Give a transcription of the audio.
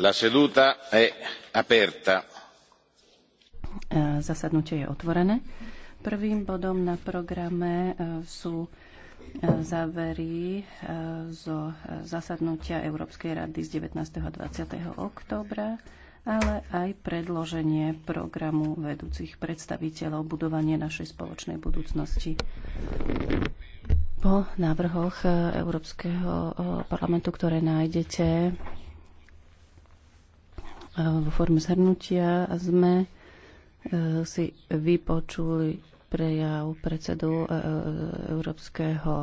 La seduta è aperta. E, zasadnutie je otvorené. Prvým bodom na programe e, sú e, závery zo zasadnutia Európskej rady z 19. a 20. októbra, ale aj predloženie programu vedúcich predstaviteľov budovanie našej spoločnej budúcnosti po návrhoch Európskeho parlamentu, ktoré nájdete vo forme zhrnutia sme e, si vypočuli prejav predsedu e, e, Európskeho